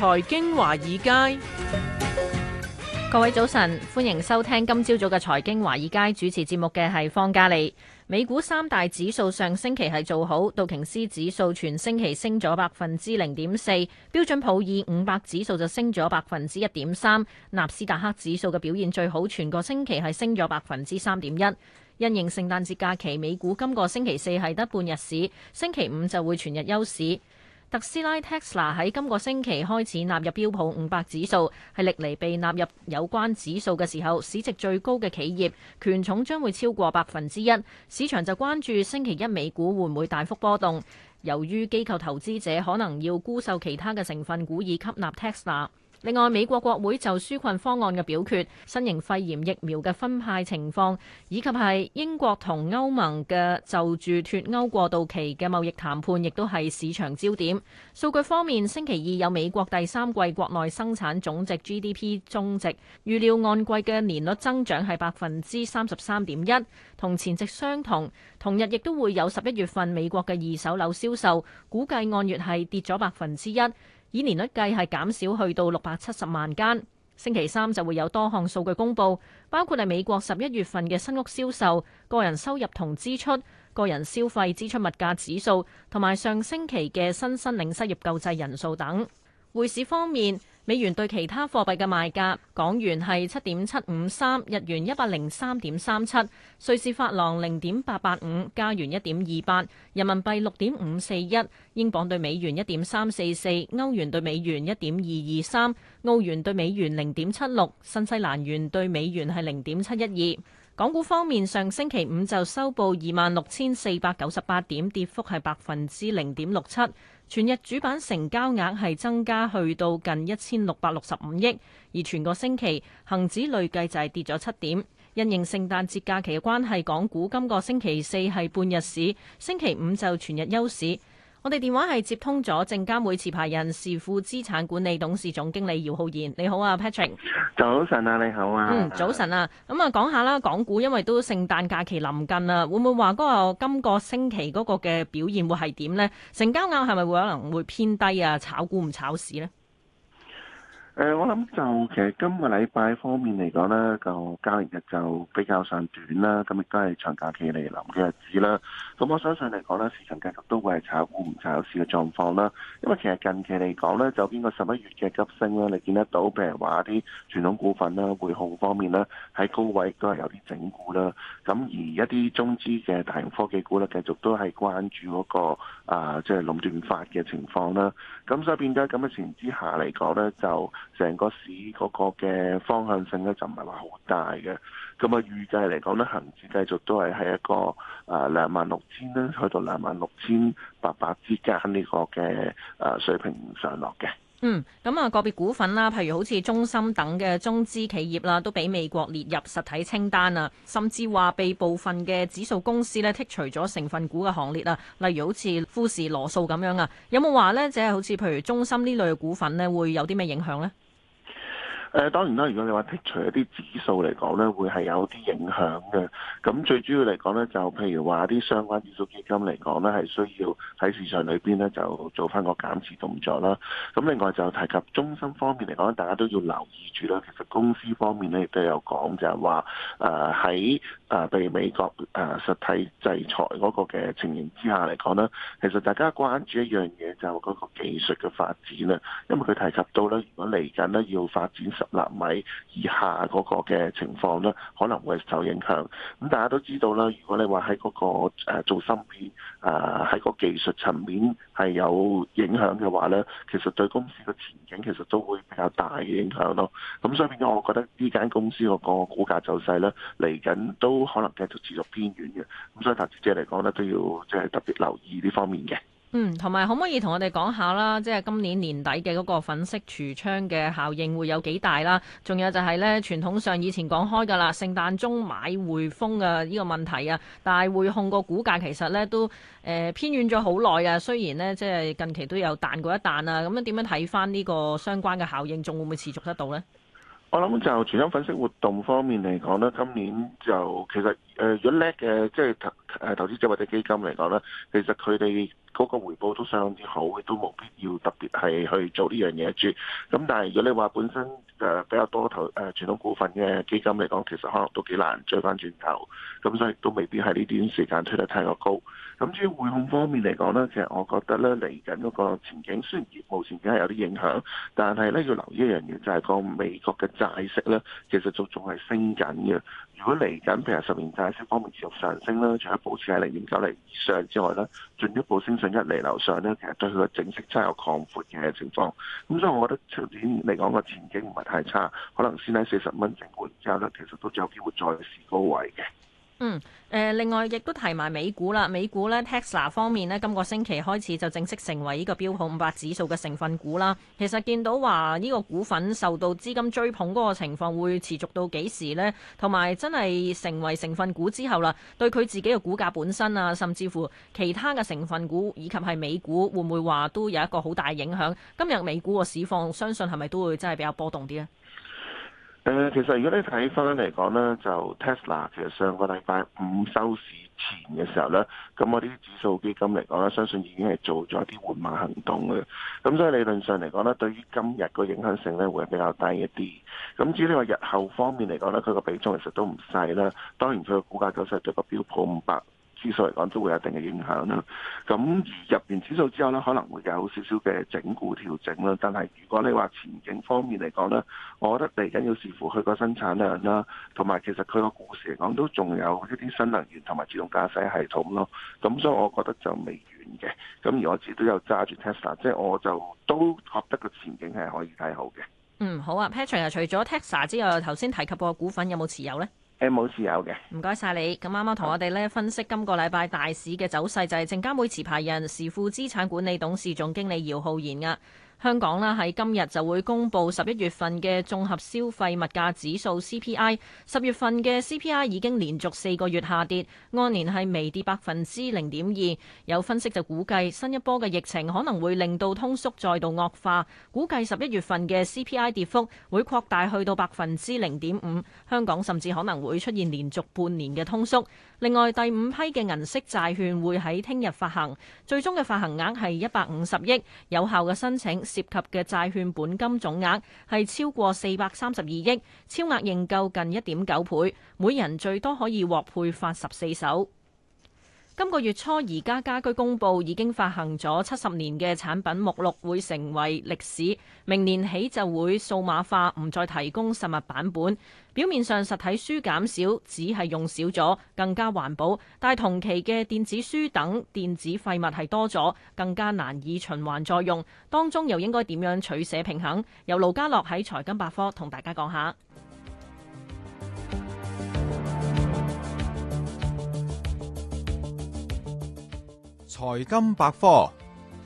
財經華爾街，各位早晨，歡迎收聽今朝早嘅財經華爾街，主持節目嘅係方嘉莉。美股三大指數上星期係做好，道瓊斯指數全星期升咗百分之零點四，標準普爾五百指數就升咗百分之一點三，納斯達克指數嘅表現最好，全個星期係升咗百分之三點一。因應聖誕節假期，美股今個星期四係得半日市，星期五就會全日休市。特斯拉 Tesla 喺今個星期開始納入標普五百指數，係歷嚟被納入有關指數嘅時候，市值最高嘅企業，權重將會超過百分之一。市場就關注星期一美股會唔會大幅波動，由於機構投資者可能要沽售其他嘅成分股以吸納 Tesla。另外，美國國會就紓困方案嘅表決、新型肺炎疫苗嘅分派情況，以及係英國同歐盟嘅就住脫歐過渡期嘅貿易談判，亦都係市場焦點。數據方面，星期二有美國第三季國內生產總值 GDP 中值，預料按季嘅年率增長係百分之三十三點一，同前值相同。同日亦都會有十一月份美國嘅二手樓銷售，估計按月係跌咗百分之一。以年率計係減少去到六百七十萬間。星期三就會有多項數據公布，包括係美國十一月份嘅新屋銷售、個人收入同支出、個人消費支出物價指數，同埋上星期嘅新申領失業救濟人數等。匯市方面。美元對其他貨幣嘅賣價，港元係七點七五三，日元一百零三點三七，瑞士法郎零點八八五，加元一點二八，人民幣六點五四一，英鎊對美元一點三四四，歐元對美元一點二二三，澳元對美元零點七六，新西蘭元對美元係零點七一二。港股方面，上星期五就收報二萬六千四百九十八點，跌幅係百分之零點六七。全日主板成交額係增加，去到近一千六百六十五億，而全個星期恒指累計就係跌咗七點。因應聖誕節假期嘅關係，港股今個星期四係半日市，星期五就全日休市。我哋電話係接通咗證監會持牌人士、時富資產管理董事總經理姚浩然。你好啊，Patrick。早晨啊，你好啊。嗯，早晨啊。咁、嗯、啊，講下啦，港股因為都聖誕假期臨近啊，會唔會話嗰、那個今個星期嗰個嘅表現會係點呢？成交額係咪會可能會偏低啊？炒股唔炒市呢？誒、呃，我諗就其實今個禮拜方面嚟講呢個交易日就比較上短啦，咁亦都係長假期嚟臨嘅日子啦。咁我相信嚟講呢市場繼續都會係炒股唔炒市嘅狀況啦。因為其實近期嚟講呢就經過十一月嘅急升啦，你見得到譬如話啲傳統股份啦、匯控方面啦，喺高位都係有啲整固啦。咁而一啲中資嘅大型科技股呢，繼續都係關注嗰、那個啊，即、就、係、是、壟斷法嘅情況啦。咁所以變咗咁嘅情形之下嚟講呢，就成個市嗰個嘅方向性咧就唔係話好大嘅，咁啊預計嚟講咧，恒指繼續都係喺一個啊兩萬六千咧，去到兩萬六千八百之間呢個嘅啊水平上落嘅。嗯，咁啊，個別股份啦，譬如好似中芯等嘅中資企業啦，都俾美國列入實體清單啊，甚至話被部分嘅指數公司咧剔除咗成分股嘅行列啊，例如好似富時羅素咁樣啊，有冇話呢？即係好似譬如中芯呢類嘅股份呢，會有啲咩影響呢？誒當然啦，如果你話剔除一啲指數嚟講咧，會係有啲影響嘅。咁最主要嚟講咧，就譬如話啲相關指數基金嚟講咧，係需要喺市場裏邊咧就做翻個減持動作啦。咁另外就提及中心方面嚟講，大家都要留意住啦。其實公司方面咧，亦都有講就係話誒喺誒被美國誒實體制裁嗰個嘅情形之下嚟講咧，其實大家關注一樣嘢就係嗰個技術嘅發展啦。因為佢提及到咧，如果嚟緊咧要發展，十納米以下嗰個嘅情況咧，可能會受影響。咁大家都知道啦，如果你話喺嗰個誒、呃、做芯片啊喺、呃、個技術層面係有影響嘅話咧，其實對公司嘅前景其實都會比較大嘅影響咯。咁所以變咗，我覺得呢間公司嗰個股價走勢咧嚟緊都可能繼續持續偏軟嘅。咁所以投資者嚟講咧，都要即係特別留意呢方面嘅。嗯，同埋可唔可以同我哋講下啦，即係今年年底嘅嗰個粉飾櫥窗嘅效應會有幾大啦？仲有就係咧，傳統上以前講開噶啦，聖誕鐘買匯豐嘅呢個問題啊，但係匯控個股價其實咧都誒、呃、偏遠咗好耐啊。雖然呢，即係近期都有彈過一彈啊，咁、嗯、樣點樣睇翻呢個相關嘅效應，仲會唔會持續得到呢？我諗就全心粉飾活動方面嚟講咧，今年就其實誒，如果叻嘅即係。誒、啊、投資者或者基金嚟講咧，其實佢哋嗰個回報都相當之好，亦都冇必要特別係去做呢樣嘢住。咁但係如果你話本身誒比較多投誒傳統股份嘅基金嚟講，其實可能都幾難追翻轉頭。咁所以都未必喺呢段時間推得太過高。咁至於匯控方面嚟講咧，其實我覺得咧嚟緊嗰個前景，雖然業務前景係有啲影響，但係咧要留意一樣嘢就係、是、個美國嘅債息咧，其實仲仲係升緊嘅。如果嚟緊譬如十年債息方面持續上升咧，保持喺零點九釐以上之外咧，進一步升上一厘樓上呢，其實對佢個整息真係有擴闊嘅情況。咁所以，我覺得今年嚟講個前景唔係太差，可能先喺四十蚊整盤之後呢，其實都有機會再試高位嘅。嗯，誒、呃、另外亦都提埋美股啦，美股咧 Tesla 方面呢，今個星期開始就正式成為呢個標普五百指數嘅成分股啦。其實見到話呢個股份受到資金追捧嗰個情況會持續到幾時呢？同埋真係成為成分股之後啦，對佢自己嘅股價本身啊，甚至乎其他嘅成分股以及係美股會唔會話都有一個好大影響？今日美股個市況，相信係咪都會真係比較波動啲呢？誒，其實如果你睇返嚟講呢，就 Tesla 其實上個禮拜五收市前嘅時候呢，咁我啲指數基金嚟講呢，相信已經係做咗啲緩慢行動嘅，咁所以理論上嚟講呢，對於今日個影響性呢，會比較低一啲。咁至於話日後方面嚟講呢，佢個比重其實都唔細啦。當然佢個股價走勢對個標普五百指數嚟講都會有一定嘅影響啦，咁而入完指數之後呢，可能會有少少嘅整固調整啦。但係如果你話前景方面嚟講呢，我覺得嚟緊要視乎佢個生產量啦，同埋其實佢個股市嚟講都仲有一啲新能源同埋自動駕駛系統咯。咁所以我覺得就未遠嘅。咁而我自己都有揸住 Tesla，即係我就都覺得個前景係可以睇好嘅。嗯，好啊。Patrick 除咗 Tesla 之外，頭先提及個股份有冇持有呢？誒，冇事有嘅。唔該晒你。咁啱啱同我哋咧分析今個禮拜大市嘅走勢，就係證監會持牌人、時富資產管理董事總經理姚浩然啊。香港啦，喺今日就會公布十一月份嘅綜合消費物價指數 CPI，十月份嘅 CPI 已經連續四個月下跌，按年係微跌百分之零點二。有分析就估計新一波嘅疫情可能會令到通縮再度惡化，估計十一月份嘅 CPI 跌幅會擴大去到百分之零點五，香港甚至可能會出現連續半年嘅通縮，另外，第五批嘅銀色債券會喺聽日發行，最終嘅發行額係一百五十億，有效嘅申請。涉及嘅債券本金總額係超過四百三十二億，超額認購近一點九倍，每人最多可以獲配發十四手。今個月初，宜家家居公佈已經發行咗七十年嘅產品目錄，會成為歷史。明年起就會數碼化，唔再提供實物版本。表面上實體書減少，只係用少咗，更加環保。但同期嘅電子書等電子廢物係多咗，更加難以循環再用。當中又應該點樣取捨平衡？由盧家樂喺財經百科同大家講下。財金百科，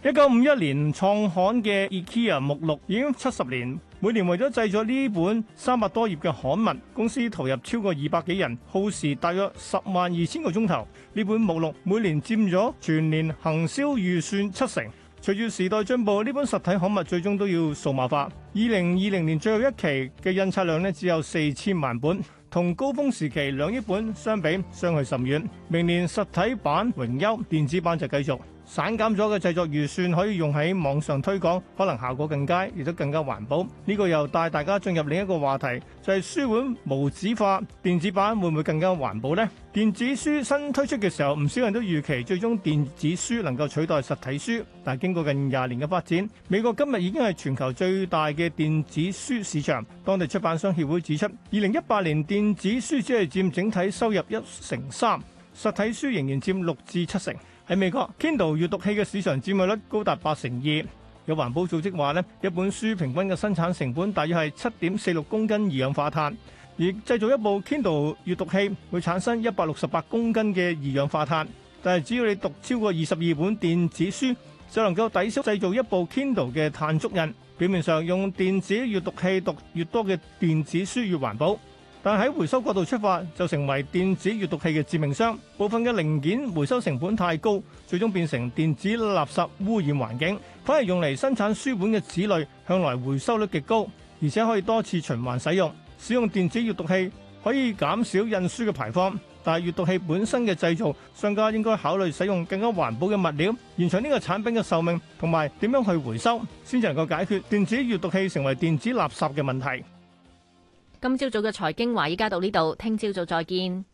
一九五一年創刊嘅 IKEA 目錄已經七十年，每年為咗製作呢本三百多頁嘅刊物，公司投入超過二百幾人，耗時大約十萬二千個鐘頭。呢本目錄每年占咗全年行銷預算七成。隨住時代進步，呢本實體刊物最終都要數碼化。二零二零年最後一期嘅印刷量咧，只有四千萬本。同高峰時期兩億本相比，相去甚遠。明年實體版榮休，電子版就繼續。省減咗嘅製作預算可以用喺網上推廣，可能效果更佳，亦都更加環保。呢個又帶大家進入另一個話題，就係書本無紙化，電子版會唔會更加環保呢？電子書新推出嘅時候，唔少人都預期最終電子書能夠取代實體書，但係經過近廿年嘅發展，美國今日已經係全球最大嘅電子書市場。當地出版商協會指出，二零一八年電子書只係佔整體收入一成三，實體書仍然佔六至七成。喺美國，Kindle 閱讀器嘅市場佔有率高達八成二。有環保組織話咧，一本書平均嘅生產成本大約係七點四六公斤二氧化碳，而製造一部 Kindle 閱讀器會產生一百六十八公斤嘅二氧化碳。但係只要你讀超過二十二本電子書，就能夠抵消製造一部 Kindle 嘅碳足印。表面上，用電子閱讀器讀越多嘅電子書越環保。但喺回收角度出發，就成為電子閱讀器嘅致命傷。部分嘅零件回收成本太高，最終變成電子垃圾污染環境。反而用嚟生產書本嘅紙類，向來回收率極高，而且可以多次循環使用。使用電子閱讀器可以減少印書嘅排放，但係閱讀器本身嘅製造，商家應該考慮使用更加環保嘅物料，延長呢個產品嘅壽命，同埋點樣去回收，先至能夠解決電子閱讀器成為電子垃圾嘅問題。今朝早嘅財經華爾街，依家到呢度，聽朝早再見。